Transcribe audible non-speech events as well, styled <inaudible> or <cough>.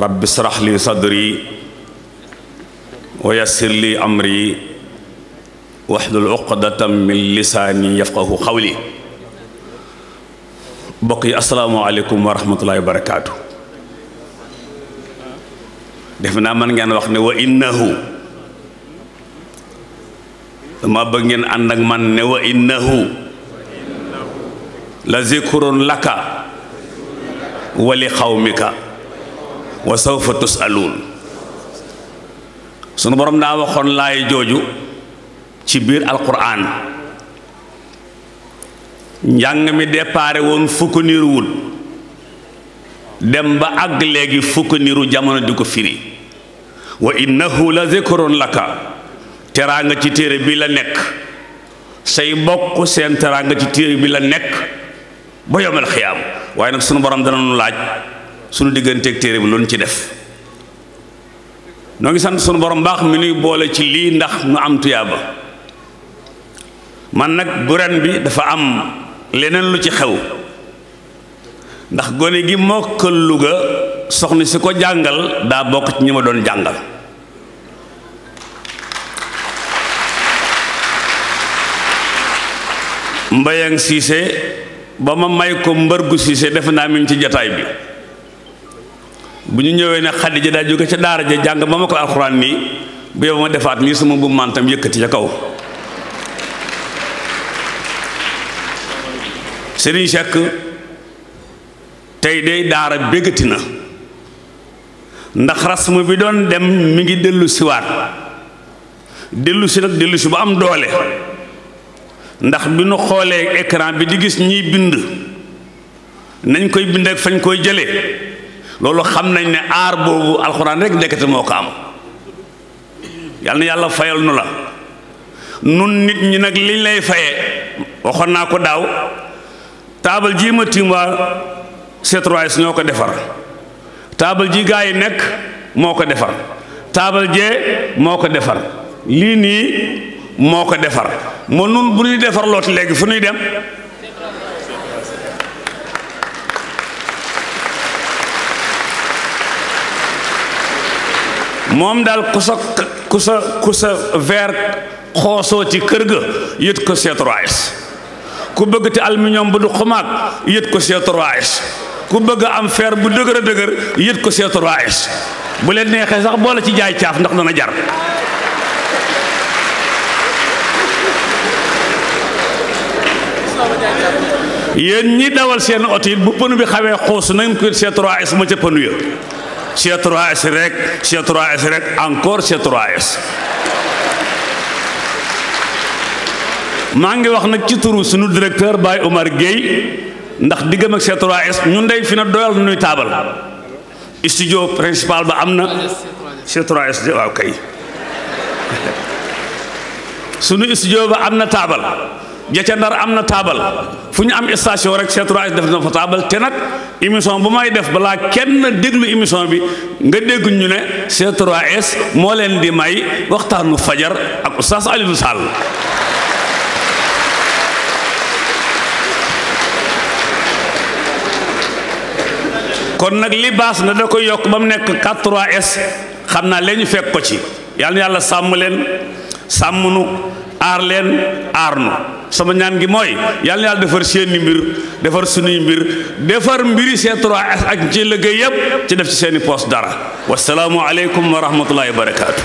rabbi sarax li sadri wa yassir li amri waxlul uqdatam min lisaani yafqahu xawli mbokk yi asalaamaaleykum wa rahmatullahi wa barakaatu def naa mën ngeen wax ne wa innahu dama bëgg ngeen ànd ak man ne wa innahu la zikrun laka wa li xawmika wa sawfa tusaluun sunu borom daa waxoon laay jooju ci biir alquran njàng mi déparé woon fukk niiru wut dem ba àgg léegi fukk niiru jamono di ko firi wa innahu la zikrun laka teraanga ci téere bi la nekk say bokk seen teraanga ci téere bi la nekk ba yomal xiyaam waaye nag sunu borom dana nu laaj sunu digganteeg téere bi loolu ci def noo ngi sant sunu borom baax mi nuy boole ci lii ndax nu am tuyaaba man nag bu bi dafa am leneen lu ci xew ndax gone gi mokkal Louga soxna si ko jàngal daa bokk ci ñi ma doon jàngal mbayang siise ba ma may ko mbër gu siise defe naa mi ngi ci jataay bi bu ñu ñëwee ne Xadija daa jóge ca daara ja jàng ba ma ko alxuraan nii bu yow ma defaat nii sama mbubb mantam yëkkati ca kaw Serigne Cheikh tey de daara béggati na ndax rasmu bi doon dem mi ngi dellu siwaat dellu si nag dellu si am doole ndax bi nu xoolee ecran bi di gis ñiy bind nañ koy bind ak fañ koy jëlee loolu xam nañ ne aar boobu alxuraan rek ndekete moo ko am yal yàlla fayal nu la nun nit ñi nag liñ lay faye waxoon naa ko daaw taabal ji ma tiim waa c 3 ñoo ko defar taabal ji gaa yi nekk moo ko defar taabal jee moo ko defar lii nii moo ko defar moo nun bu ñuy defar looti léegi fu nuy dem moom daal ku sa ku sa ku xoosoo ci kër ga yët ko C3S ku bëgg te aluminium bu du xumaag yët ko C3S ku bëgg am fer bu dëgër a dëgër yët ko C3S bu leen neexee sax boole ci jaay caaf ndax dana jar yéen ñi dawal seen oto it bu pënu bi xawee xoosu nañ ko C3S ma ca pënu ya C3S rek c rek encore C3S maa ngi wax nag ci turu sunu directeur Baye Omar Gueye ndax diggam ak c ñu s ñun day fi na doyal nuy taabal studio principal ba am na C3S de waaw kay <laughs> sunu studio ba am na taabal ja ca ndar am na taabal fu ñu am station rek c s def na fa taabal te nag émission bu may def balaa kenn déglu émission bi nga dégg ñu ne C3S moo leen di may waxtaanu fajar ak oustaz Alioune Sall kon nag li baas na da koy yokk ba mu nekk 4 s xam naa leen ñu fekk ko ci yàlla yàlla sàmm leen sàmm nu aar leen aar nu sama ñaan gi mooy yàlla na yàlla defar seeni mbir defar sunuy mbir defar mbiri c 3 ak ci liggéey yëpp ci def ci seen i poste dara wasalaamu aleykum wa rahmatullahi wa barakaatu.